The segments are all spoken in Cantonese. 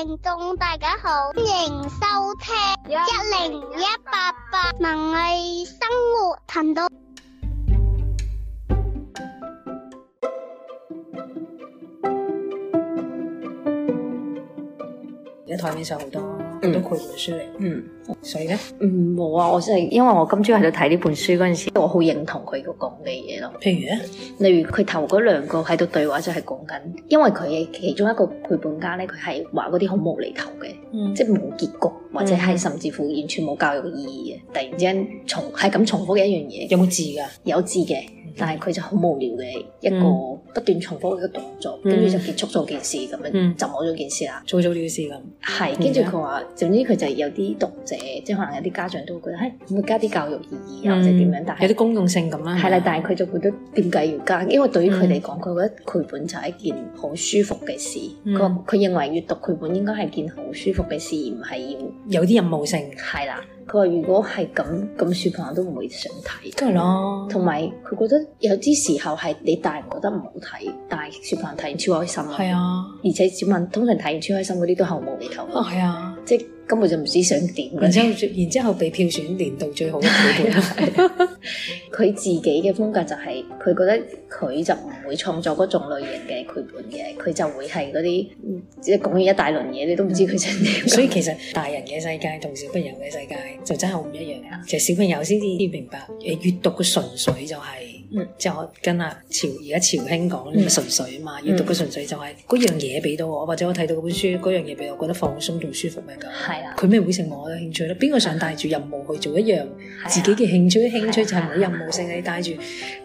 聽眾大家好，歡迎收聽一零一八八文藝生活頻道。一睇咩小道？讀咗佢本書嚟，嗯，所以咧，嗯，冇啊，我真係因為我今朝喺度睇呢本書嗰陣時，我好認同佢個講嘅嘢咯。譬如咧，例如佢頭嗰兩個喺度對話就係講緊，因為佢嘅其中一個繪本家咧，佢係話嗰啲好無厘頭嘅，嗯，即係冇結局，嗯，或者係甚至乎完全冇教育意義嘅。突然之間重係咁重複嘅一樣嘢，有冇字㗎？有字嘅。但係佢就好無聊嘅一個不斷重複一個動作，跟住、嗯、就結束咗件事咁、嗯、樣，就冇咗件事啦，做咗件事咁。係是，跟住佢話，總之佢就有啲讀者，即係可能有啲家長都會覺得，嘿、哎，會加啲教育意義啊，嗯、或者點樣，但係有啲公用性咁啦。係啦，但係佢就覺得點解要加？因為對於佢嚟講，佢、嗯、覺得繪本就係一件好舒服嘅事。個佢、嗯、認為閱讀繪本應該係件好舒服嘅事，而唔係要。有啲任務性，係啦。佢話：如果係咁，咁小朋友都唔會想睇，梗係囉。同埋佢覺得有啲時候係你大人覺得唔好睇，但係小朋友睇完超開心。係啊，而且小敏通常睇完超開心嗰啲都係無厘頭啊。啊，係啊，即根本就唔知想點。然之後被票選年度最好嘅小動佢自己嘅風格就係、是，佢覺得佢就唔會創作嗰種類型嘅繪本嘅，佢就會係嗰啲即係講完一大輪嘢，你都唔知佢真係點。所以其實大人嘅世界同小朋友嘅世界就真係好唔一樣嘅，嗯、就係小朋友先至明白，誒閱讀嘅純粹就係、是。嗯，即係我跟阿、啊、潮而家潮興講呢個純粹啊嘛，閱讀嘅純粹就係、是、嗰、嗯、樣嘢俾到我，或者我睇到本書嗰樣嘢俾我，我覺得放鬆同舒服咪咁。係啦的，佢咩會成我嘅興趣咧？邊個想帶住任務去做一樣的自己嘅興趣？興趣就係冇任務性，你帶住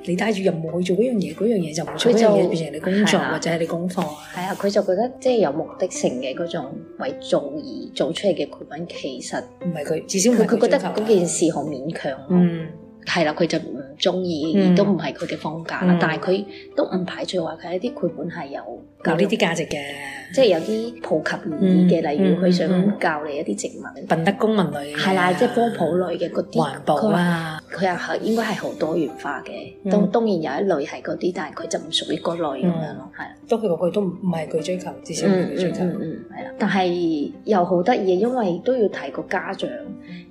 你帶住任務去做嗰樣嘢，嗰樣嘢就冇。佢就變成你工作的或者係你功課。係啊，佢就覺得即係有目的性嘅嗰種為做而做出嚟嘅繪品，其實唔係佢，至少唔係佢覺得嗰件事好勉強。嗯，係啦，佢就。中意亦都唔係佢嘅風格啦，嗯、但係佢都唔排除話佢有啲繪本係有教呢啲價值嘅，即係有啲普及嘅、嗯、例如佢想教你一啲植物、品、嗯嗯嗯嗯、德公文類、啊、公民類嘅，係啦，即係科普類嘅嗰啲環保啊，佢又係應該係好多元化嘅。咁、嗯、當然有一類係嗰啲，但係佢就唔屬於嗰類咁樣咯。係、嗯，的過都佢話都唔係佢追求，至少唔追求，係啦、嗯嗯。但係又好得意，因為都要睇個家長，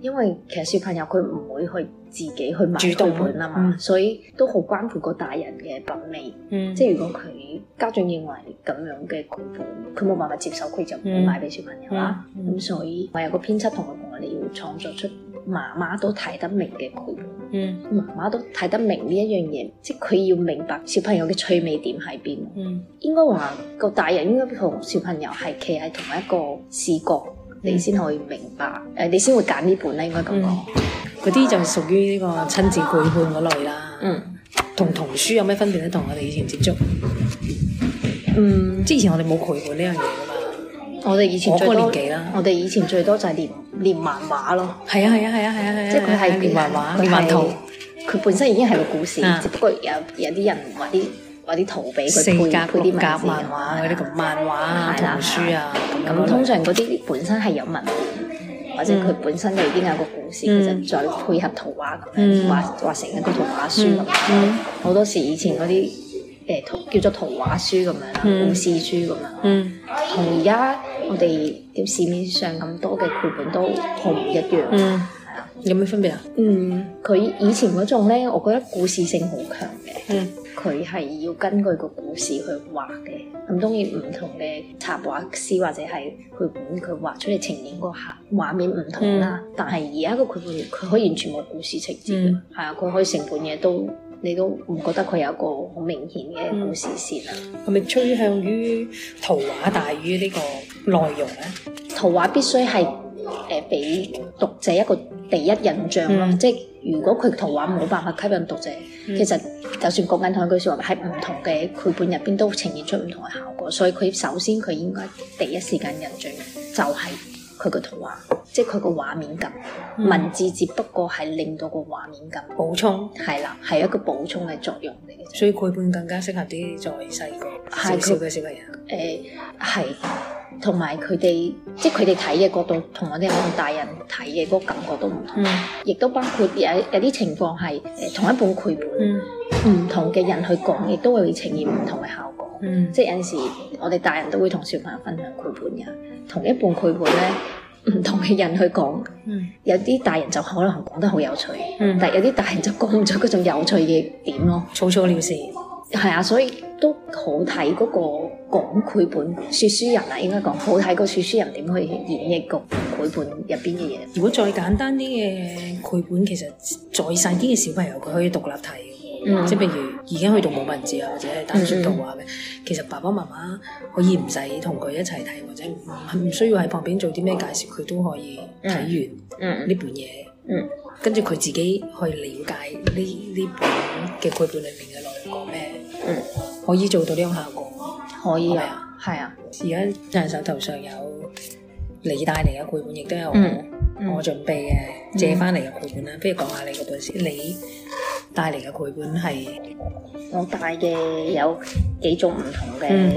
因為其實小朋友佢唔會去。自己去買繪住他 本啊嘛，嗯、所以都好關乎個大人嘅品味。嗯、即係如果佢家長認為咁樣嘅繪本，佢冇辦法接受，佢就唔、嗯、買俾小朋友。咁、嗯嗯、所以我有個編輯同佢講，你要創作出媽媽都睇得明嘅繪本，本。嗯、媽媽都睇得明呢一樣嘢，即係佢要明白小朋友嘅趣味點喺邊。應該話個大人應該同小朋友係企喺同一個視角，你先可以明白。誒，你先會揀呢本咧，應該咁講。嗰啲就屬於呢個親子繪本嗰類啦，同童書有咩分別咧？同我哋以前接觸，嗯，之前我哋冇繪繪呢樣嘢㗎嘛，我哋以前我個年紀啦，我哋以前最多就係連連漫畫咯，係啊係啊係啊係啊，即係佢係連漫畫佢畫圖，佢本身已經係個故事，不過有有啲人畫啲畫啲圖俾佢配配啲漫畫，嗰啲漫畫啊、童書啊，咁通常嗰啲本身係有文。或者佢本身就已經有個故事，嗯、其實再配合圖畫咁樣畫畫成一個圖畫書咯。好、嗯、多時以前嗰啲誒圖叫做圖畫書咁樣，嗯、故事書咁樣，同而家我哋叫市面上咁多嘅繪本都好唔一樣。係啊，有咩分別啊？嗯，佢吧、嗯、以前嗰種咧，我覺得故事性好強嘅。嗯佢係要根據個故事去畫嘅，咁、嗯、當然唔同嘅插畫師或者係佢本佢畫出嚟呈現個畫面唔同啦。嗯、但係而家個繪本，佢可以完全冇故事情節嘅，係、嗯、啊，佢可以成本嘢都你都唔覺得佢有一個好明顯嘅故事線啊。係咪趨向於圖畫大於呢個內容咧？圖畫必須係誒俾讀者一個第一印象咯，嗯、即係。如果佢圖畫冇辦法吸引讀者，嗯、其實就算講緊同一句説話，喺唔同嘅繪本入邊都呈現出唔同嘅效果。所以佢首先佢應該第一時間印象就係佢個圖畫，即係佢個畫面感。嗯、文字只不過係令到個畫面感補充，係啦，係一個補充嘅作用嚟嘅、嗯。所以繪本更加適合啲在細個少少嘅小朋友。誒的，係。同埋佢哋，即係佢哋睇嘅角度，同我哋咁大人睇嘅嗰個感覺都唔同，亦、嗯、都包括有有啲情況係誒、呃、同一本繪本，唔、嗯、同嘅人去講，亦都會呈現唔同嘅效果。嗯、即係有陣時，我哋大人都會同小朋友分享繪本嘅同一本繪本咧，唔同嘅人去講，嗯、有啲大人就可能講得好有趣，嗯、但係有啲大人就講唔出嗰種有趣嘅點咯，草草了事。係啊，所以都好睇嗰個講繪本、説書人啊，應該講好睇嗰説書人點去演繹個繪本入邊嘅嘢。如果再簡單啲嘅繪本，其實再細啲嘅小朋友佢可以獨立睇、嗯、即係譬如而家佢讀冇文字啊，或者係睇住動畫嘅，嗯嗯、其實爸爸媽媽可以唔使同佢一齊睇，或者唔需要喺旁邊做啲咩介紹，佢都可以睇完呢本嘢。嗯、嗯，跟住佢自己去了解呢呢本嘅繪本裡面嘅內容講咩。嗯嗯嗯，可以做到呢種效果，可以啊，係啊。而家人手頭上有你帶嚟嘅繪本，亦都有我、嗯、我準備嘅、嗯、借翻嚟嘅繪本啦。不如講下你嘅本先，你帶嚟嘅繪本係我帶嘅有幾種唔同嘅，嗯、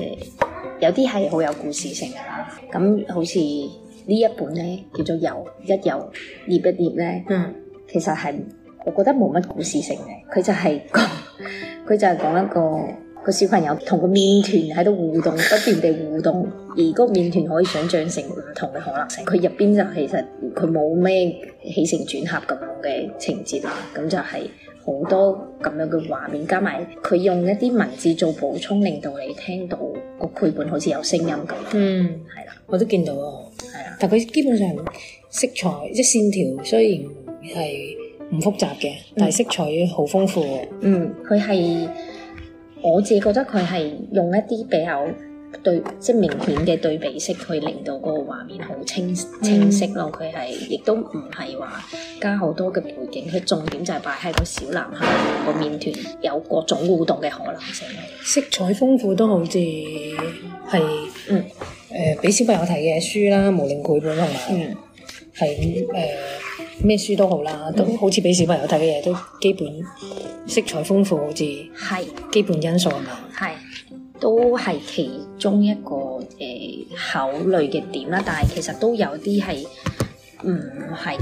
有啲係好有故事性噶啦。咁好似呢一本咧，叫做揉一揉捏一捏咧，嗯，其實係。我覺得冇乜故事性嘅，佢就係講，佢就係講一個個 小朋友同個麵團喺度互動，不斷地互動，而嗰個麵團可以想像成唔同嘅可能性。佢入邊就其實佢冇咩起承轉合咁嘅情節啦。咁就係好多咁樣嘅畫面，加埋佢用一啲文字做補充，令到你聽到個繪本好似有聲音咁。嗯，係啦的，我都見到啊。係啊的，但佢基本上色彩即係線條，雖然係。唔複雜嘅，但係色彩好豐富。嗯，佢係我自己覺得佢係用一啲比較對即係、就是、明顯嘅對比色去令到個畫面好清清晰咯。佢係亦都唔係話加好多嘅背景，佢重點就係擺喺個小男孩同個麵團有各種互動嘅可能性。色彩豐富都好似係嗯誒俾、呃、小朋友睇嘅書啦，無論繪本同埋係誒。嗯咩書都好啦，都好似俾小朋友睇嘅嘢都基本色彩豐富，好似係是基本因素係嘛？係都係其中一個誒、呃、考慮嘅點啦，但係其實都有啲係唔係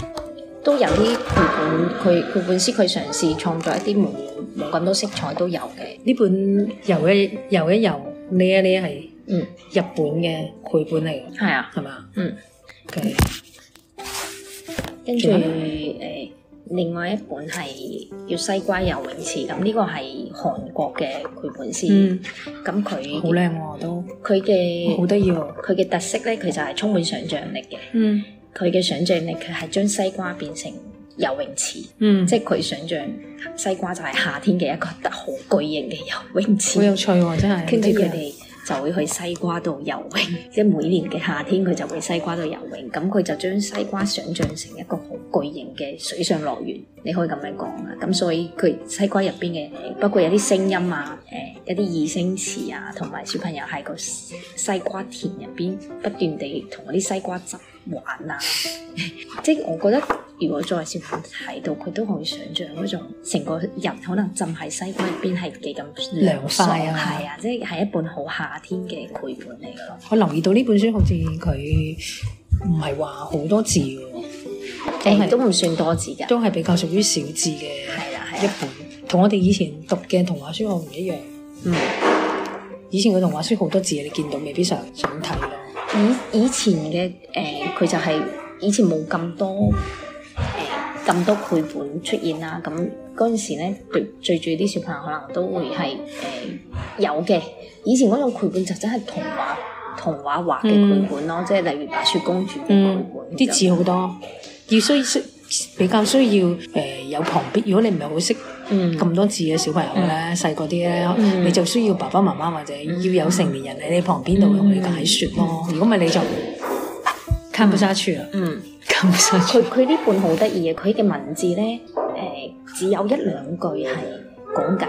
都有啲繪本。佢佢本書佢嘗試創作一啲冇冇咁多色彩都有嘅。呢本揉一、揉一揉呢一呢係嗯日本嘅繪本嚟嘅，係啊，係嘛？嗯。吧跟住誒、呃，另外一本係叫西瓜游泳池，咁、這、呢個係韓國嘅繪本師，咁佢好靚喎都，佢嘅好得意喎，佢嘅、哦啊、特色咧，佢就係充滿想像力嘅，佢嘅、嗯、想像力佢係將西瓜變成游泳池，嗯、即係佢想像西瓜就係夏天嘅一個好巨型嘅游泳池，好有趣喎、啊、真係，啊、跟住佢哋。就會去西瓜度游泳，即係每年嘅夏天佢就會西瓜度游泳，咁佢就將西瓜想象成一個好巨型嘅水上樂園，你可以咁樣講啦。咁所以佢西瓜入邊嘅，包括有啲聲音啊，誒、呃，有啲擬聲詞啊，同埋小朋友喺個西瓜田入邊不斷地同嗰啲西瓜汁玩啊！ 即係我覺得，如果作為小朋友睇到，佢都可以想象嗰種成個人可能浸喺西瓜入邊，係幾咁涼快啊！係啊， 即係係一本好夏天嘅繪本嚟嘅咯。我留意到呢本書好似佢唔係話好多字，誒、嗯，都唔算多字噶，都係比較屬於少字嘅，係啦，係一本同、啊啊、我哋以前讀嘅童話書我唔一樣。嗯，以前嘅童話書好多字，你見到未必想想睇。以以前嘅誒，佢、呃、就係以前冇咁多誒咁、呃、 多繪本出現啦。咁嗰陣時咧，最最主要啲小朋友可能都會係誒、呃、有嘅。以前嗰種繪本就真係童話童話畫嘅繪本咯，即係、嗯、例如《白雪公主嘅繪本》。嗯，啲就字好多，要需要，需要比較需要誒、呃、有旁邊，如果你唔係好識咁、嗯、多字嘅小朋友咧，細個啲咧，呢嗯、你就需要爸爸媽媽或者要有成年人喺你旁邊度同你解說咯。如果唔係，不你就看不下去啦。嗯，咁佢佢呢本好得意嘅，佢嘅文字咧，誒，只有一兩句係講緊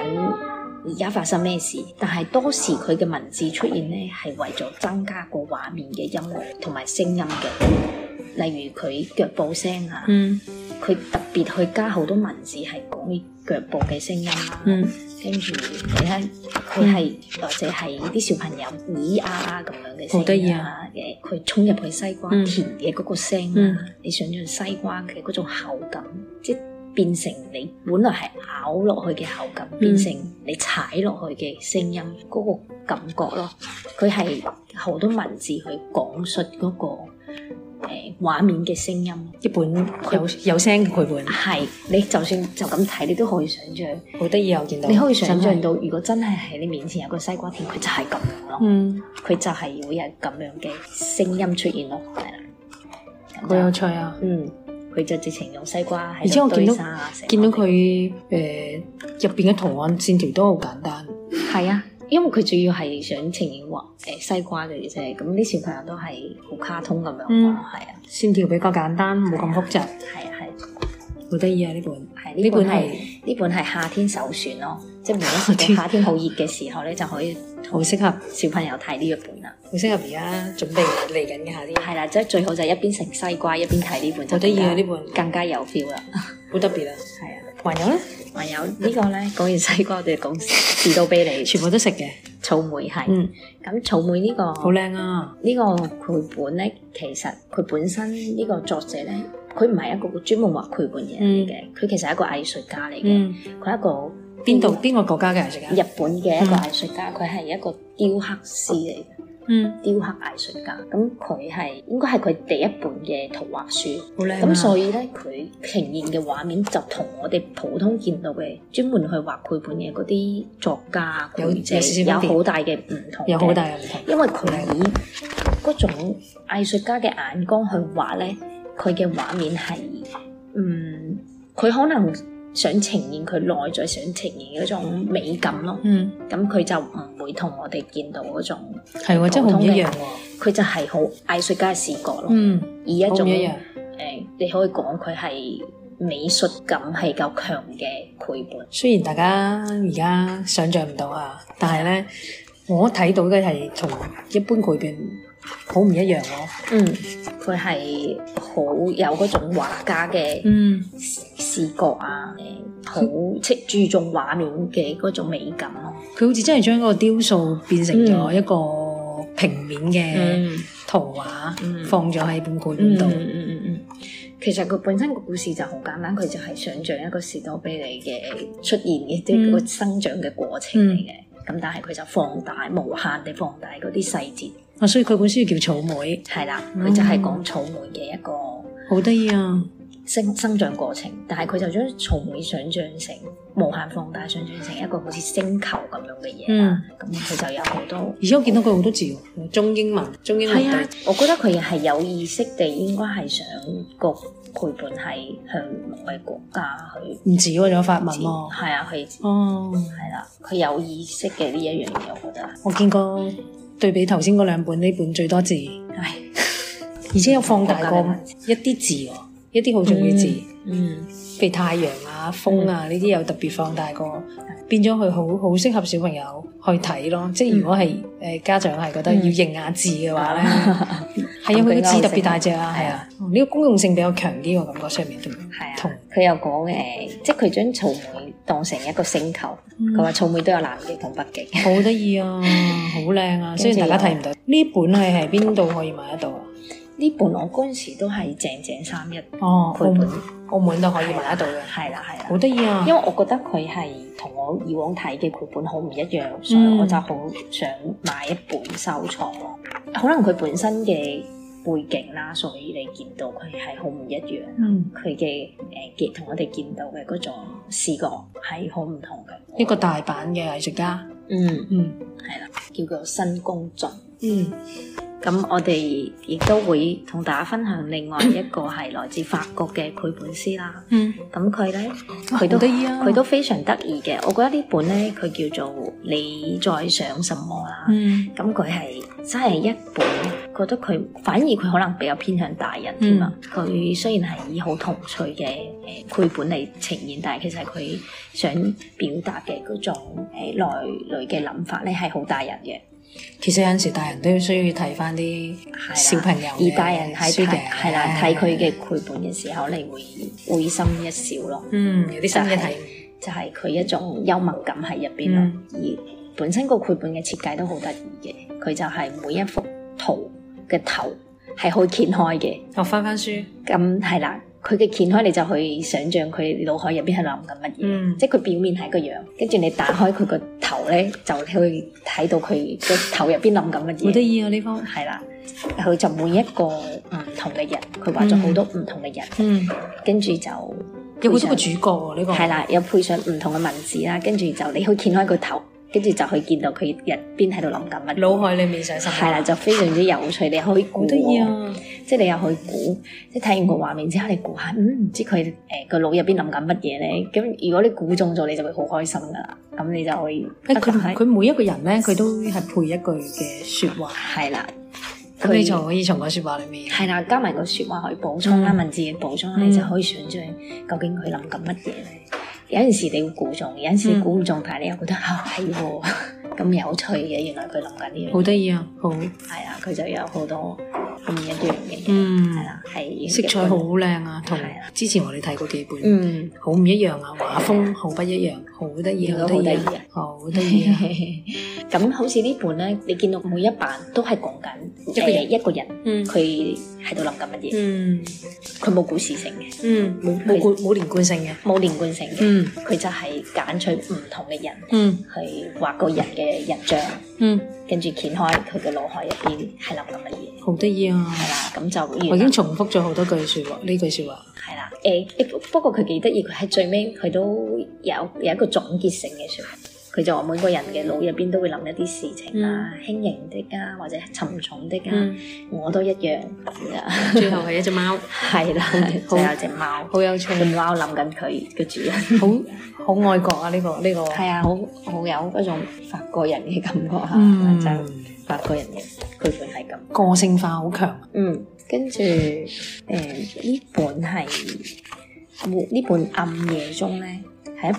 而家發生咩事，但係多時佢嘅文字出現咧，係為咗增加個畫面嘅音樂同埋聲音嘅，例如佢腳步聲啊。嗯。佢特別去加好多文字腳、啊，係講啲腳步嘅聲音啦，跟住你睇，佢係、嗯、或者係啲小朋友咿呀咁樣嘅聲音啊，誒佢衝入去西瓜田嘅嗰個聲啦、啊，嗯、你想象西瓜嘅嗰種口感，嗯、即係變成你本來係咬落去嘅口感，嗯、變成你踩落去嘅聲音嗰、嗯、個感覺咯。佢係好多文字去講述嗰、嗰個。誒，畫面嘅聲音，一本有有聲嘅繪本，係你就算就咁睇，你都可以想象，好得意啊！我見到你可以想象到，的如果真係喺你面前有個西瓜田，佢就係咁樣咯，嗯，佢就係會有咁樣嘅聲音出現咯，係啦，好有趣啊，嗯，佢就直情用西瓜，而且我見到見到佢誒，入邊嘅圖案線條都好簡單，係啊。因為佢主要係想呈現話西瓜嘅啫，咁啲小朋友都係好卡通咁樣，係、嗯、啊，線條比較簡單，冇咁複雜，係啊係，好得意啊呢本，係呢本係夏天首選咯，即係每一夏天好熱嘅時候咧，就可以好適合 小朋友睇呢一本啦，好適合而家準備嚟緊嘅夏天，係啦，即係最好就一邊食西瓜一邊睇呢本，好得意啊呢本，更加，更加有 feel 啦，好 特別啊。 還有咧，還有呢，還有個咧，講完西瓜我哋講士多啤梨， 全部都食嘅。草莓係，咁、嗯、草莓呢、呢個好靚啊！呢個、呢個繪本咧，其實佢本身呢個作者咧，佢唔係一個專門畫繪本嘅，佢、嗯、其實係一個藝術家嚟嘅，佢係、嗯、一個邊度邊個國家嘅藝術家？日本嘅一個藝術家，佢係、嗯、一個雕刻師嚟。嗯、雕刻藝術家，咁佢係應該係佢第一本嘅圖畫書，咁、啊、所以咧，佢呈現嘅畫面就同我哋普通見到嘅專門去畫繪本嘅嗰啲作家、作者有好而且 大嘅唔同，有好大嘅唔同，因為佢以嗰種藝術家嘅眼光去畫咧，佢嘅畫面係，嗯，佢可能想呈現佢內在想呈現嗰種美感咯，嗯，咁佢、嗯、就唔。會同我哋見到嗰種係喎，即係唔一樣喎。佢就係好藝術家嘅視覺咯，以、嗯、一種誒、呃，你可以講佢係美術感係較強嘅繪本。雖然大家而家想像唔到啊，但係咧，我睇到嘅係從一般繪本。好唔一樣咯、哦，嗯，佢係好有嗰種畫家嘅嗯視覺啊，誒、嗯，好即、嗯、注重畫面嘅嗰種美感咯、啊。佢好似真係將嗰個雕塑變成咗一個平面嘅圖畫，放咗喺博物館度。嗯嗯嗯，嗯，嗯，嗯，嗯，其實佢本身個故事就好簡單，佢就係想象一個士多啤梨嘅出現嘅、嗯、即係個生長嘅過程嚟嘅。咁、嗯嗯、但係佢就放大，無限地放大嗰啲細節。啊！所以佢本書叫草莓，係啦、嗯，佢就係講草莓嘅一個好得意啊生生長過程，啊、但係佢就將草莓想象成無限放大，想象成一個好似星球咁樣嘅嘢啦。咁佢、嗯、就有好多，而家我見到佢好多字，中英文，中英文。啊、我覺得佢係有意識地，應該係想個陪伴係向某個國家去，唔止仲有法文咯。係啊，係哦，係啦，佢有意識嘅呢一樣嘢，我覺得我見過。對比頭先嗰兩本，呢本最多字，而且唉有放大過一啲字喎，一啲好重要字，嗯，譬如太陽啊、風啊呢啲、嗯、有特別放大過，變咗佢好適合小朋友去睇咯。即係如果係、嗯呃、家長係覺得要認下字嘅話咧。嗯 係因為佢枝特別大隻啊，係啊，呢個功用性比較強啲，我感覺上面都。係啊，佢又講誒，即係佢將草莓當成一個星球，佢話草莓都有南極同北極。好得意啊，好靚啊，雖然大家睇唔到。呢本係喺邊度可以買得到啊？呢本我嗰陣時都係正正三一哦，繪本。澳門都可以買得到嘅，係啦係啦，好得意啊！因為我覺得佢係同我以往睇嘅繪本好唔一樣，嗯、所以我就好想買一本收藏咯。可能佢本身嘅背景啦、啊，所以你見到佢係好唔一樣。嗯，佢嘅誒同我哋見到嘅嗰種視覺係好唔同嘅。一個大阪嘅藝術家，嗯嗯，係啦、嗯，叫做新宮俊，嗯。咁我哋亦都會同大家分享另外一個係來自法國嘅繪本師啦。嗯。咁佢咧，佢都佢哇都非常得意嘅。我覺得本呢本咧，佢叫做你在想什麼啦。嗯。咁佢係真係一本，覺得佢反而佢可能比較偏向大人添啊。佢、嗯、雖然係以好童趣嘅誒繪本嚟呈現，但係其實佢想表達嘅嗰種誒內裡嘅諗法咧，係好大人嘅。其實有陣時大人都需要睇翻啲小朋友，而大人喺睇係啦，睇佢嘅繪本嘅時候，你會會心一笑咯。嗯，有啲新嘅係就係、是、佢、就是、一種幽默感喺入邊咯。嗯、而本身個繪本嘅設計都好得意嘅，佢就係每一幅圖嘅頭係可以揭開嘅。哦，翻翻書咁係啦。佢嘅掀開，你就可以想像佢腦海入面係諗緊乜嘢。嗯、即係佢表面係個樣，跟住你打開佢個頭呢，就可以睇到佢個頭入面諗緊乜嘢。好得意啊！呢方係啦，佢就每一個唔同嘅人，佢、嗯、畫咗好多唔同嘅人，跟住、嗯嗯、就配上有好多個主角喎、啊。呢了、呢個係啦，有配上唔同嘅文字啦，跟住就你可以掀開個頭，跟住就可以見到佢入邊喺度諗緊乜？腦海裏面上身。係啦，就非常之有趣。你可以估、哦。都要啊！即係你又去估，即係睇完個畫面之後，嗯、你估下，嗯，唔知佢誒、呃、個腦入邊諗緊乜嘢咧？咁、嗯、如果你估中咗，你就會好開心噶啦。咁你就可以。佢佢佢每一個人咧，佢都係配一句嘅説話。係啦，咁你就可以從個説話裏面。係啦，加埋個説話可以補充啦、啊，文字嘅補充，嗯、 你就可以想像究竟佢諗緊乜嘢咧。有陣時你會估中，有陣時估唔中，但你又覺得係喎，咁、嗯哦、有趣嘅，原來佢諗緊呢樣。好得意啊！好，係、嗯、啊，佢就有好多咁一樣嘅嘢，嗯，係，色彩好靚啊，同之前我哋睇過幾本，嗯，好唔一樣啊，畫風好不一樣，好得意，好得意、啊，好得意、啊。 咁好似呢本咧，你見到每一版都係講緊一個人，一個人，佢喺度諗緊乜嘢？佢冇故事性嘅，冇冇冇連貫性嘅，冇連貫性嘅。佢就係揀取唔同嘅人去畫個人嘅人像，跟住掀開佢嘅腦海入邊係諗緊乜嘢？好得意啊！係啦，咁就我已經重複咗好多句説話，呢句説話係啦。誒，不過佢幾得意，佢喺最尾佢都有有一個總結性嘅説話。佢就話每個人嘅腦入邊都會諗一啲事情啊，輕盈的啊，或者沉重的啊，我都一樣。最後係一隻貓，係啦，仲有隻貓，好有趣。隻貓諗緊佢嘅主人，好好愛國啊！呢個呢個，係啊，好好有嗰種法國人嘅感覺嚇，就法國人嘅。佢本係咁，個性化好強。嗯，跟住誒呢本係呢本暗夜中咧。係一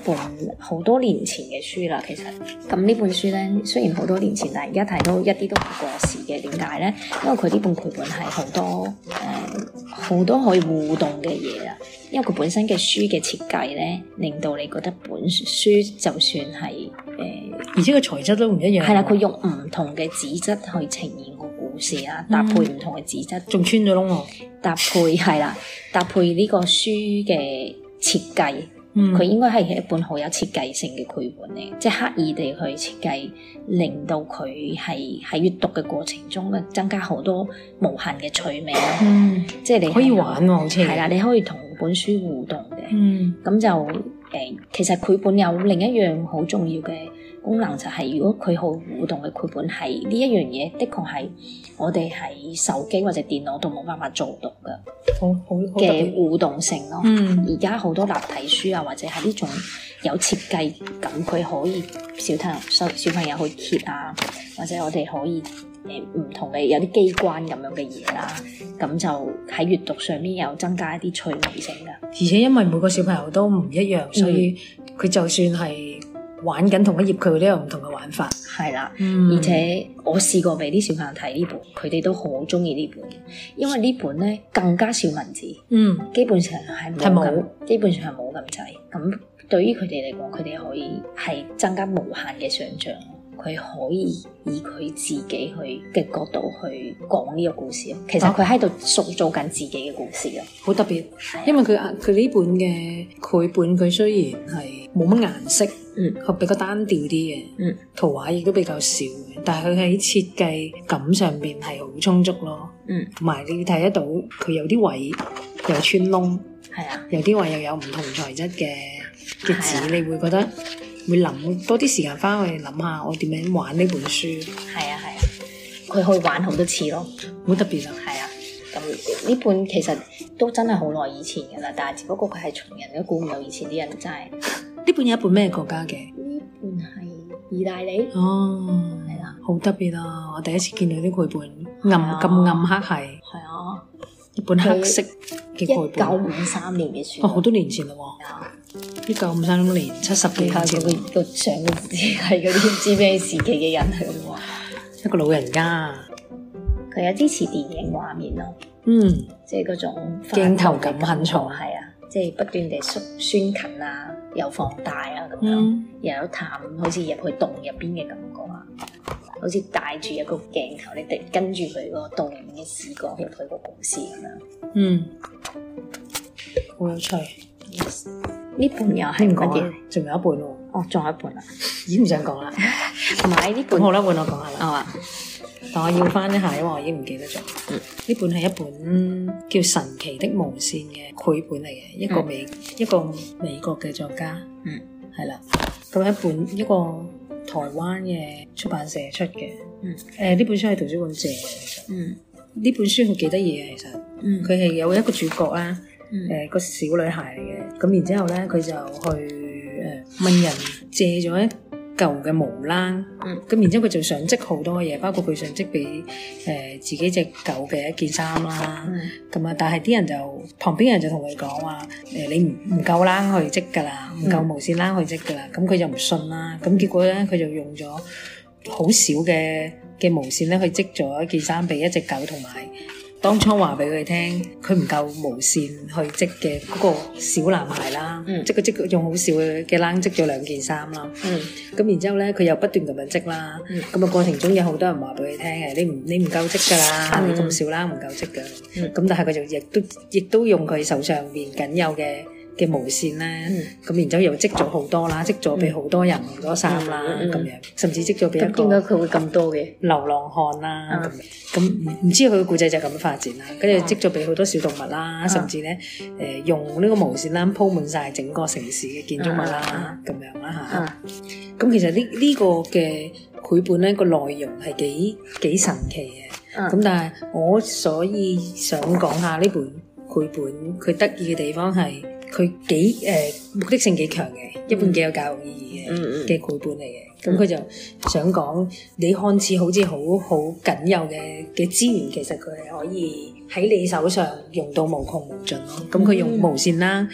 本好多年前嘅書啦，其實咁呢本書咧，雖然好多年前，但係而家睇都一啲都唔過時嘅。點解咧？因為佢呢本繪本係好多誒，好多可以互動嘅嘢啦。因為佢本身嘅書嘅設計咧，令到你覺得本書就算係誒，呃、而且個材質都唔一樣。係啦，佢用唔同嘅紙質去呈現個故事啦，搭配唔同嘅紙質，仲穿咗窿哦。搭配係啦，搭配呢個書嘅設計。佢、嗯、應該係一本好有設計性嘅繪本嚟，即係刻意地去設計，令到佢係喺閱讀嘅過程中咧增加好多無限嘅趣味咯。嗯、即係你可以玩喎，好似係啦，你可以同本書互動嘅。咁、嗯、就誒、呃，其實繪本有另一樣好重要嘅。功能就係，如果佢好互動嘅繪本，係呢一樣嘢，的確係我哋喺手機或者電腦都冇辦法做到嘅。好，好，好嘅互動性咯。嗯，而家好多立體書啊，或者係呢種有設計感，佢可以小朋友、小小朋友去揭啊，或者我哋可以誒唔、呃、同嘅有啲機關咁樣嘅嘢啦。咁就喺閱讀上面有增加一啲趣味性㗎。而且因為每個小朋友都唔一樣，所以佢、嗯、就算係。玩緊同一頁，佢都有唔同嘅玩法。係啦的，嗯，而且我試過俾啲小朋友睇呢本，佢哋都好中意呢本，因為呢本咧更加少文字，嗯，基本上係冇，猛基本上係冇咁滯。咁對於佢哋嚟講，佢哋可以係增加無限嘅想像。佢可以以佢自己去嘅角度去講呢個故事咯，其實佢喺度塑造緊自己嘅故事咯，好特別。因為佢啊，佢呢本嘅繪本佢雖然係冇乜顏色，嗯，佢比較單調啲嘅，嗯，圖畫亦都比較少，但係佢喺設計感上面係好充足咯，嗯，同埋你睇得到佢有啲位又穿窿，係啊，有啲位又有唔同材質嘅嘅紙，啊、你會覺得。會諗多啲時間翻去諗下，我點樣玩呢本書？係啊係啊，佢可以玩好多次咯，好特別啊！係啊，咁呢本其實都真係好耐以前噶啦，但係只不過佢係從人都估唔到，以前啲人真係。呢本有一本咩國家嘅？呢本係意大利。哦，係啦，好特別啊！我第一次見到啲繪本，暗咁暗黑係，係啊，一本黑色嘅繪本。一九五三年嘅書，哦，好多年前啦喎。一九五三年，七十幾下個個上嘅係嗰啲唔知咩時期嘅人嚟嘅一個老人家。佢有啲似電影畫面咯，嗯，即係嗰種鏡頭感很重，係啊，即係不斷地縮、縮近啊，又放大啊，咁樣、嗯，又有探，好似入去洞入邊嘅感覺啊，好似帶住一個鏡頭，你跟住佢個洞入面嘅視角入去個故事咁樣，嗯，好有趣。Yes. 呢本又係唔講嘅，仲有一本喎。哦，仲有一本啦，已經唔想講啦。同埋呢本好啦，換我講下嘛。啊嘛，但我要翻一下，因為我已經唔記得咗。嗯，呢本係一本叫《神奇的毛線》嘅繪本嚟嘅，一個美一個美國嘅作家。嗯，係啦。咁一本一個台灣嘅出版社出嘅。嗯。誒，呢本書係圖書館借嘅。嗯。呢本書好幾得意嘅，其實。嗯。佢係有一個主角啦。誒個小女孩嚟嘅，咁然之後咧，佢就去誒問人借咗一舊嘅毛冷，咁然之後佢就想織好多嘢，包括佢想織俾誒自己隻狗嘅一件衫啦。咁啊，但係啲人就旁邊人就同佢講話誒，你唔唔夠冷去織㗎啦，唔夠毛線啦去織㗎啦。咁佢就唔信啦。咁結果咧，佢就用咗好少嘅嘅毛線咧去織咗一件衫俾一隻狗同埋。當初話俾佢聽，佢唔夠毛線去織嘅嗰個小男孩啦，嗯、織個織個用好少嘅嘅冷織咗兩件衫啦。咁、嗯、然之後咧，佢又不斷咁樣織啦。咁啊、嗯、過程中有好多人話俾佢聽嘅，你唔你唔夠織㗎啦，嗯、你咁少啦，唔夠織㗎。咁、嗯、但係佢就亦都亦都用佢手上邊僅有嘅嘅毛線咧，咁然之後又織咗好多啦，織咗俾好多人好多衫啦，咁樣，甚至織咗俾一個點解佢會咁多嘅流浪漢啦，咁唔唔知佢嘅故仔就咁發展啦，跟住織咗俾好多小動物啦，甚至咧誒用呢個毛線啦鋪滿晒整個城市嘅建築物啦，咁樣啦嚇。咁其實呢呢個嘅繪本咧個內容係幾幾神奇嘅，咁但係我所以想講下呢本繪本佢得意嘅地方係。佢幾誒、呃、目的性幾強嘅，一般幾有教育意義嘅嘅繪本嚟嘅，咁佢、嗯、就想講你看似好似好好僅有嘅嘅資源，其實佢係可以喺你手上用到無窮無盡咯。咁佢用毛線啦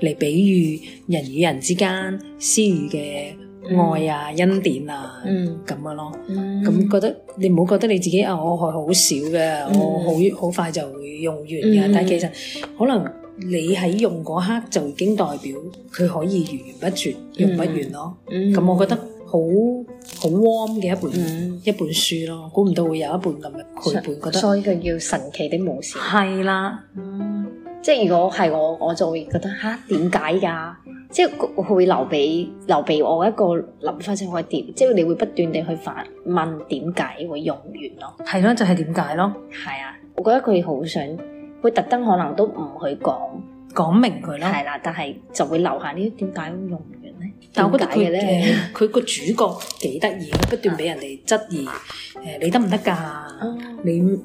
嚟比喻人與人之間私語嘅愛啊、嗯、恩典啊咁、嗯、樣咯。咁、嗯、覺得你唔好覺得你自己啊，我係好少嘅，嗯、我好好快就會用完嘅，但係、嗯、其實可能。你喺用嗰刻就已經代表佢可以源源不絕、嗯、用不完咯，咁、嗯、我覺得好好 warm 嘅一本、嗯、一本書咯，估唔到會有一本咁嘅陪伴，覺得所以佢叫神奇的毛線係啦，嗯、即係如果係我，我就會覺得吓點解噶，即係會留俾留俾我一個諗法，即係我點，即係你會不斷地去反問點解會用完咯，係咯、啊、就係點解咯，係啊，我覺得佢好想。佢特登可能都唔去講，講明佢啦。係啦，但係就會留下呢啲點解會用唔完咧？但係我覺得佢佢個主角幾得意，佢不斷俾人哋質疑。誒，你得唔得噶？你誒，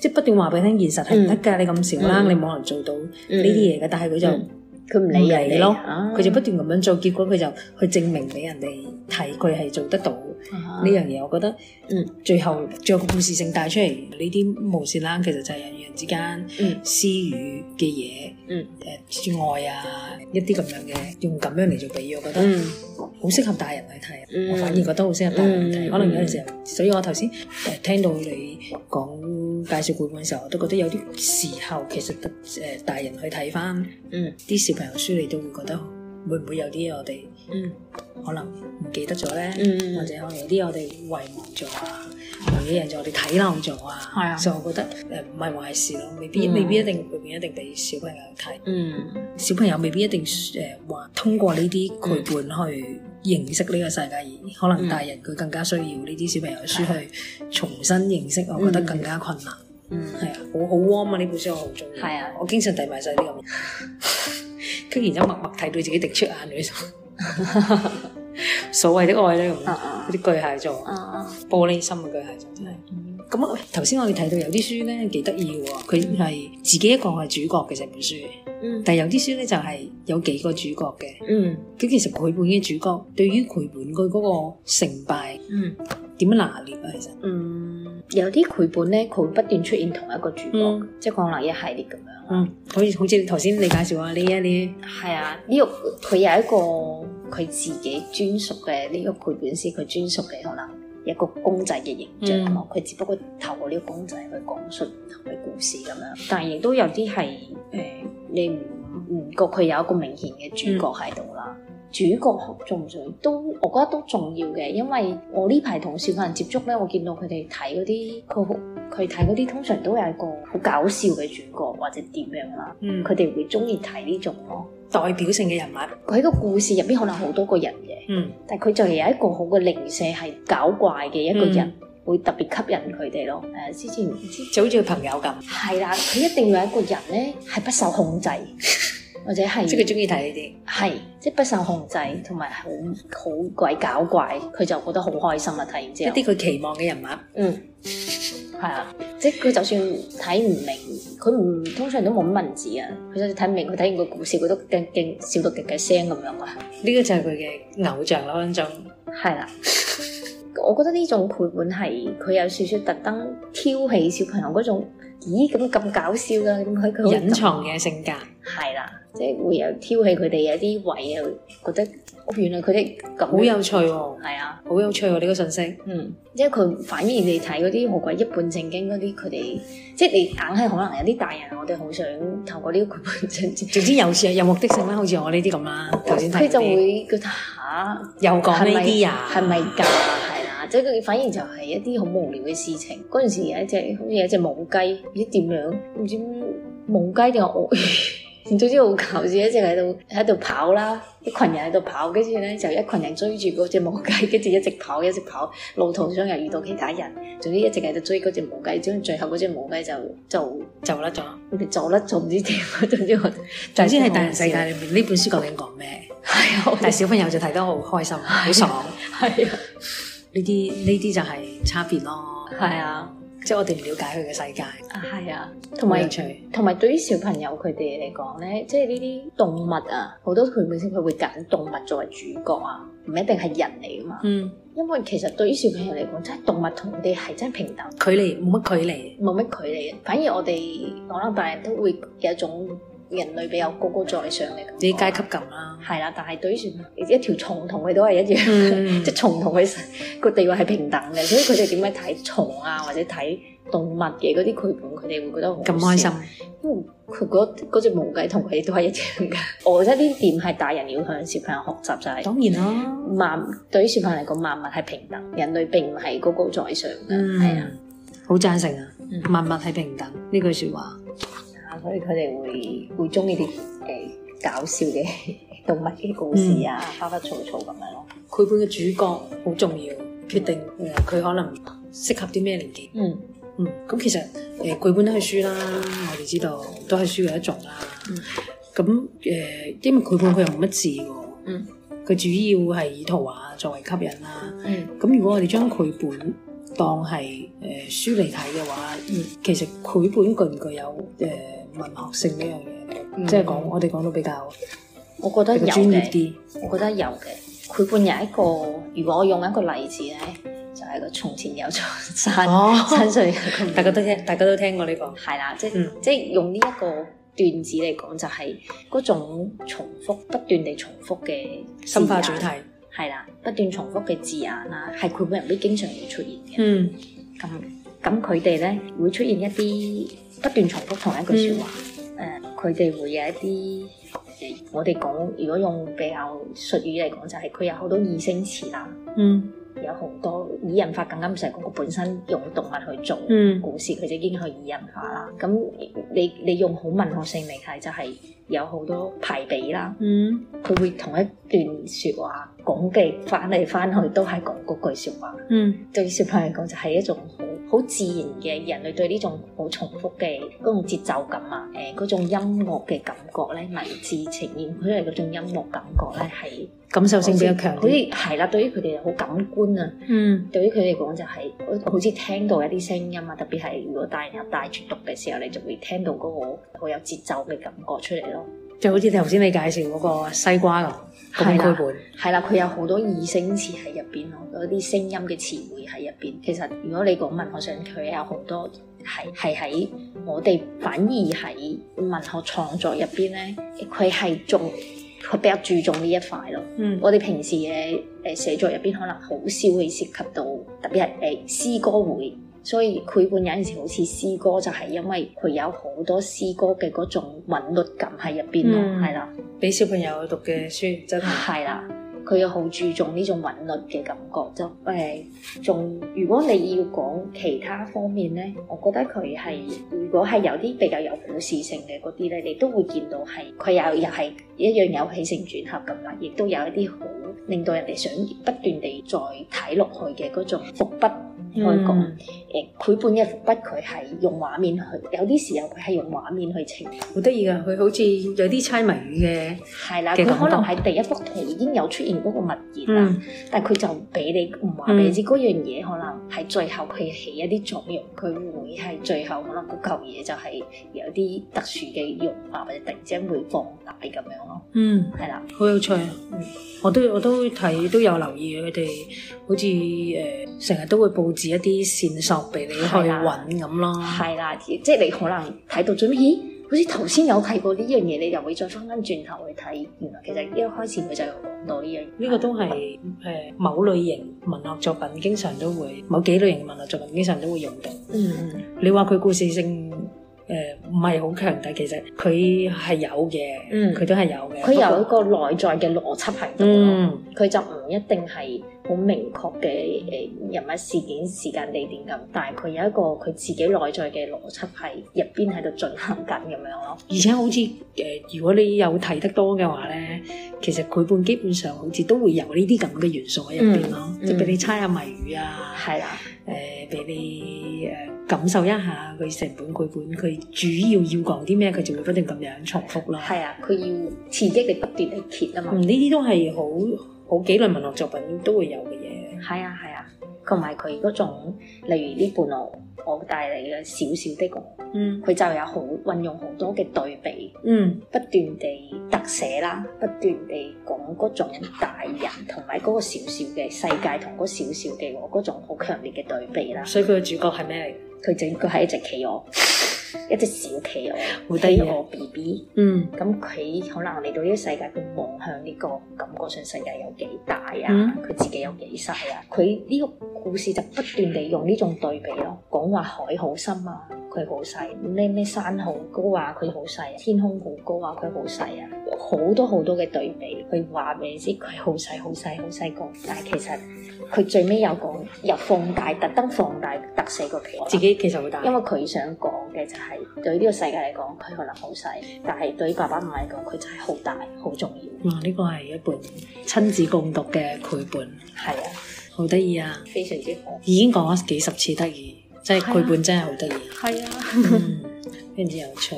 即係不斷話俾你聽現實係唔得噶，你咁少啦，你冇可能做到呢啲嘢噶。但係佢就佢唔理你咯，佢就不斷咁樣做，結果佢就去證明俾人哋睇，佢係做得到。呢樣嘢，我覺得嗯，最後將個故事性帶出嚟，呢啲無線啦，其實就係人與人之間嗯私語嘅嘢嗯，誒，愛啊，一啲咁樣嘅，用咁樣嚟做比喻，我覺得好適合大人去睇，我反而覺得好適合大人睇，可能有陣時，所以我頭先誒聽到你講介紹繪本嘅時候，我都覺得有啲時候其實誒大人去睇翻，嗯，啲小朋友書你都會覺得。會唔會有啲我哋可能唔記得咗咧？或者可能有啲我哋遺忘咗啊，唔記得咗，我哋睇漏咗啊？所以，我覺得誒唔係壞事咯。未必，未必一定，佢唔一定俾小朋友睇。嗯，小朋友未必一定誒話通過呢啲繪本去認識呢個世界。而可能大人佢更加需要呢啲小朋友嘅書去重新認識。我覺得更加困難。嗯，係啊，好好 warm 啊！呢本書我好中意。係啊，我經常遞埋晒啲咁。跟然之默默睇到自己滴出眼淚， 所謂的愛咧，嗰啲、uh uh, 巨蟹座，uh uh. 玻璃心嘅巨蟹座，咁頭先我哋睇到有啲書咧幾得意嘅，佢係自己一個係主角嘅成本書，嗯、但係有啲書咧就係、是、有幾個主角嘅，咁、嗯、其實佢本嘅主角對於佢本佢嗰個成敗。嗯嗯點樣拿捏啊？其實，嗯，有啲繪本咧，佢會不斷出現同一個主角，嗯、即係可能一系列咁樣。嗯，好似好似頭先你介紹啊呢一啲，係啊呢、啊這個佢有一個佢自己專屬嘅呢個繪本師，佢專屬嘅可能一個公仔嘅形象啊佢、嗯、只不過透過呢個公仔去講述唔同嘅故事咁樣，但係亦都有啲係誒，嗯、你唔唔覺佢有一個明顯嘅主角喺度啦。主角重唔重都，我覺得都重要嘅，因為我呢排同小朋友接觸咧，我見到佢哋睇嗰啲，佢佢睇嗰啲通常都有一個好搞笑嘅主角或者點樣啦，佢哋、嗯、會中意睇呢種咯。代表性嘅人物，佢喺個故事入邊可能好多個人嘅，嗯、但係佢就係有一個好嘅靈性係搞怪嘅一個人，嗯、會特別吸引佢哋咯。誒、呃，之前就好似朋友咁，係啦，佢一定要有一個人咧係不受控制。 或者係即係佢中意睇呢啲，係即係不受控制，同埋好好鬼搞怪，佢就覺得好開心啊！睇完之後一啲佢期望嘅人物，嗯，係啊，即係佢就算睇唔明，佢唔通常都冇文字啊，佢就睇唔明，佢睇完個故事，佢都勁勁笑到嘰嘅聲咁樣啊！呢個就係佢嘅偶像咯，嗰種係啦。 我覺得呢種陪伴係佢有少少特登挑起小朋友嗰種，咦，咁咁搞笑噶？點解佢隱藏嘅性格？係啦，即係會有挑起佢哋有啲位啊，覺得，原來佢哋咁好有趣喎！係啊，好有趣喎！呢個信息，嗯，即係佢反而你睇嗰啲好鬼一本正經嗰啲，佢哋即係你硬係可能有啲大人，我哋好想透過呢個陪伴，總之有時有目的性啦，好似我呢啲咁啦。頭先佢就會覺得吓，又講呢啲啊？係咪噶？即反而就係一啲好無聊嘅事情。嗰陣時有一隻好似有一隻母雞，唔知點樣，唔知母雞定係鱷魚，總之好搞笑求求一。一直喺度喺度跑啦，一群人喺度跑，跟住咧就一群人追住嗰隻母雞，跟住一直跑，一直跑。路途上又遇到其他人，總之一直喺度追嗰隻母雞，將最後嗰隻母雞就就走甩咗，哋走甩咗，唔知點，總之我總之係大人世界裏面，呢本書究竟講咩？係、啊啊，但係小朋友就睇得好開心，好、啊、爽，係啊。呢啲呢啲就係差別咯，係啊，即係我哋唔了解佢嘅世界啊，係啊，同埋好有趣，同埋對於小朋友佢哋嚟講咧，即係呢啲動物啊，好多佢本身佢會揀動物作為主角啊，唔一定係人嚟啊嘛，嗯，因為其實對於小朋友嚟講，真係動物同佢哋係真係平等距離冇乜距離，冇乜距，距離，反而我哋我諗大人都會有一種，人類比較高高在上嚟，啲階級咁啦，係啦。但係對於一條蟲同佢都係一樣，即係、嗯、蟲同佢個地位係平等嘅。所以佢哋點解睇蟲啊，或者睇動物嘅嗰啲繪本，佢哋會覺得好咁開心。因為佢覺得嗰隻毛雞同佢都係一樣嘅。 我覺得呢點係大人要向小朋友學習就係、是、當然啦。萬對於小朋友嚟講，萬物係平等，人類並唔係高高在上嘅。係啊、嗯的，好贊成啊！萬物係平等呢句説話。所以佢哋會會中意啲誒搞笑嘅動物啲故事啊，花花草草咁樣咯。繪本嘅主角好重要，決定誒佢可能適合啲咩年紀。嗯嗯，咁其實誒繪本都係書啦，我哋知道都係書嘅一種啦。咁誒，因為繪本佢又冇乜字喎。嗯。佢主要係以圖畫作為吸引啦。咁如果我哋將繪本當係誒書嚟睇嘅話，其實繪本具唔具有誒？文學性呢樣嘢，即係講我哋講到比較，我覺得有嘅，我覺得有嘅。繪本有一個，如果我用一個例子咧，就係個從前有座山，山上大家都聽，大家都聽過呢個。係啦，即係即係用呢一個段子嚟講，就係嗰種重複、不斷地重複嘅。深化主題係啦，不斷重複嘅字眼啦，係繪本入面都經常會出現嘅。嗯，咁咁佢哋咧會出現一啲。不斷重複同一句説話，誒佢哋會有一啲，我哋講如果用比較術語嚟講，就係、是、佢有好多擬聲詞啦，嗯、有好多擬人法。更加唔使講，本身用動物去做故事，佢、嗯、就已經去擬人化啦。咁你你用好文學性嚟睇，就係有好多排比啦，佢、嗯、會同一段説話講嘅翻嚟翻去都係講嗰句説話，對小朋友嚟講就係一種好自然嘅人類對呢種好重複嘅嗰種節奏感啊，誒、呃、嗰種音樂嘅感覺咧，文字呈現出嚟嗰種音樂感覺咧，係感受性比較強，好似係啦，對於佢哋好感官啊，嗯，對於佢哋講就係、是、好似聽到一啲聲音啊，特別係如果大人有帶住讀嘅時候，你就會聽到嗰個好有節奏嘅感覺出嚟咯。就好似頭先你介紹嗰個西瓜咯，嗰啲繪本，係啦，佢有好多擬聲詞喺入邊咯，啲聲音嘅詞彙喺入邊。其實如果你講文學上，佢有好多係係喺我哋反而喺文學創作入邊咧，佢係仲佢比較注重呢一塊咯。嗯，我哋平時嘅誒、呃、寫作入邊可能好少會涉及到，特別係誒詩歌會。所以佢本有陣時好似詩歌，就係、是、因為佢有好多詩歌嘅嗰種韻律感喺入邊咯，係啦、嗯。俾的小朋友讀嘅書真係係啦，佢又好注重呢種韻律嘅感覺，就誒。仲、呃、如果你要講其他方面咧，我覺得佢係如果係有啲比較有故事性嘅嗰啲咧，你都會見到係佢又又係一樣有起承轉合咁啦，亦都有一啲好令到人哋想不斷地再睇落去嘅嗰種伏筆。佢講誒，繪本一幅筆佢係用畫面去，有啲時候佢係用畫面去呈現。好得意㗎，佢好似有啲猜謎語嘅。係啦，佢可能喺第一幅圖已經有出現嗰個物件啦，嗯、但係佢就俾你唔話俾你知嗰樣嘢，可能係最後佢起一啲作用。佢會係最後可能嗰嚿嘢就係有啲特殊嘅用法，或者突然之間會放大咁樣咯。嗯，係啦的，好有趣啊、嗯！我都我都睇都有留意佢哋，好似誒成日都會報一啲線索俾你去揾咁咯，係啦的，即係你可能睇到最尾，咦，好似頭先有睇過呢樣嘢，你又會再翻返轉頭去睇。原來其實一開始佢就係嗰樣，呢個都係誒、嗯、某類型文學作品經常都會，某幾類型文學作品經常都會用到。嗯嗯，你話佢故事性。誒唔係好強大，其實佢係有嘅，佢都係有嘅。佢有一個內在嘅邏輯喺度咯，佢、嗯、就唔一定係好明確嘅誒人物事件、時間地點咁，但係佢有一個佢自己內在嘅邏輯喺入邊喺度進行緊咁樣咯。而且好似誒、呃，如果你有睇得多嘅話咧，嗯、其實佢本基本上好似都會有呢啲咁嘅元素喺入邊咯，即係俾你猜下謎語啊，係啊。誒俾、呃、你誒、呃、感受一下佢成本繪本，佢主要要講啲咩，佢就會不定咁樣重複啦。係啊，佢要刺激你不斷去揭啊嘛。呢啲都係好好幾類文學作品都會有嘅嘢。係 啊，係啊，同埋佢嗰種例如呢半路。我帶嚟嘅小小的我，佢、嗯、就有好運用好多嘅對比，嗯、不斷地特寫啦，不斷地講嗰種大人同埋嗰個小小嘅世界同嗰小小嘅我嗰種好強烈嘅對比啦。所以佢嘅主角係咩？佢整個係一隻企鵝，一隻小企鵝，企鵝 B B。嗯，咁佢可能嚟到呢個世界，佢望向呢、這個感覺上世界有幾大啊？佢、嗯、自己有幾細啊？佢呢、這個。故事就不斷地用呢種對比咯，講話海好深啊，佢好細；咩咩山好高啊，佢好細；天空好高啊，佢好細啊。好多好多嘅對比，佢話俾你知佢好細好細好細個。但係其實佢最尾有講，又放大特登放大特寫個佢，自己其實好大。因為佢想講嘅就係、是、對呢個世界嚟講，佢可能好細；但係對爸爸媽媽嚟講，佢就係好大好重要。啊、哦，呢、這個係一本親子共讀嘅繪本。係啊。好得意啊！非常之好，已經講咗幾十次得意，即係繪本真係好得意，係啊，嗯，非常之有趣。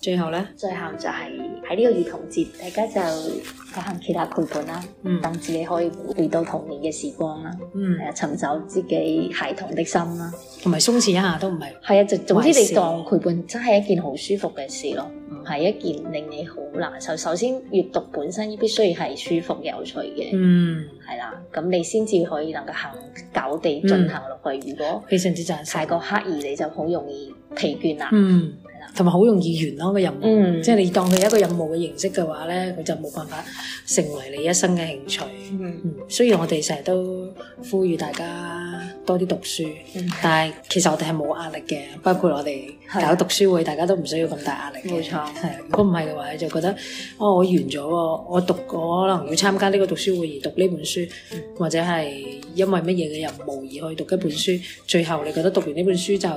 最後咧，最後就係喺呢個兒童節，大家就進行其他陪伴啦，等、嗯、自己可以回到童年嘅時光啦，係啊，尋找自己孩童的心啦，同埋鬆弛一下都唔係，係啊，就總之你當陪伴真係一件好舒服嘅事咯，唔係一件令你好難受。首先閱讀本身呢，必須要係舒服、有趣嘅，嗯、啊，係啦，咁你先至可以能夠行久地進行落去。嗯、如果非常之贊成，太過刻意你就好容易疲倦啦。嗯嗯同埋好容易完咯個任務，嗯、即係你當佢一個任務嘅形式嘅話呢，佢就冇辦法成為你一生嘅興趣。嗯嗯、雖然我哋成日都呼籲大家多啲讀書，嗯、但係其實我哋係冇壓力嘅，包括我哋搞讀書會，的大家都唔需要咁大壓力。冇錯，嗯、如果唔係嘅話，你就覺得哦，我完咗，我讀我可能要參加呢個讀書會而讀呢本書，嗯、或者係因為乜嘢嘅任務而去讀一本書，最後你覺得讀完呢本書就。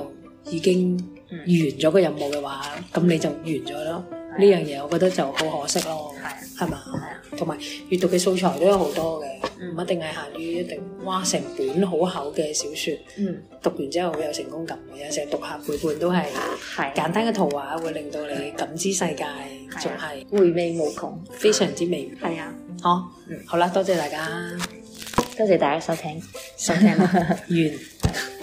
已經完咗個任務嘅話，咁你就完咗咯。呢樣嘢我覺得就好可惜咯，係嘛？同埋閱讀嘅素材都有好多嘅，唔一定係限於一定哇成本好厚嘅小説，讀完之後會有成功感。有時讀下繪本都係簡單嘅圖畫，會令到你感知世界，仲係回味無窮，非常之美。係啊，好，好啦，多謝大家，多謝大家收聽，收聽完。